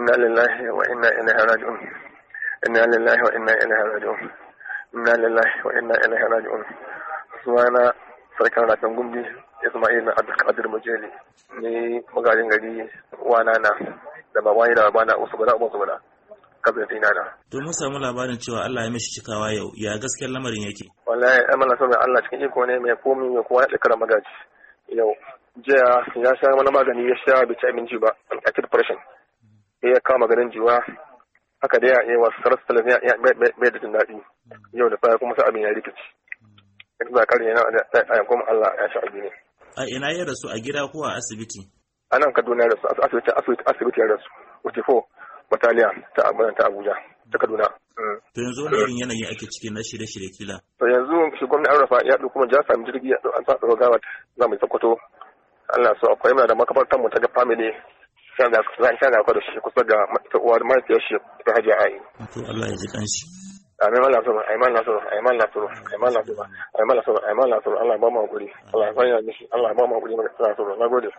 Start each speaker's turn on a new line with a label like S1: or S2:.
S1: inna wa wa sarkin rafin ismail na abdulkadir mujeli ni magajin gari na da da na
S2: To mun samu labarin cewa Allah ya mishi cikawa yau ya gaskiyar lamarin yake.
S1: Wallahi amana saboda Allah cikin iko ne mai komi mai kowa ya ɗaukar magaji yau. Jiya ya sha mana magani ya sha bai ci abinci ba a da ya kama ganin jiwa haka da ya yi wasu sarar talabin ya bai da jin daɗi yau da fara kuma abin ya rikici ya za ƙarin yana a kuma Allah ya sha ne. a ina ya rasu a gida ko a asibiti a nan kaduna ya rasu asibiti asibiti ya rasu utifo bataliya ta abuja ta abuja ta kaduna
S2: mm. to yanzu wani irin yanayi ake ciki na
S1: shirye-shirye kila to yanzu shi gwamnati arafa ya ɗauki kuma ja sami jirgi an sa tsaro gawa za mu yi sakwato Allah so akwai mana da makabartar mu ta ga family tana da shi kusa ga mahaifiyar shi ta hajiya ayi.
S3: To Allah ya ji kanshi.
S1: Amin Allah sura, aiman Allah
S3: sura, aiman Allah sura, aiman Allah sura, aiman Allah sura, Allah ba mu hakuri, Allah ya fanya mishi, Allah ba mu hakuri, Allah ya sura, na gode.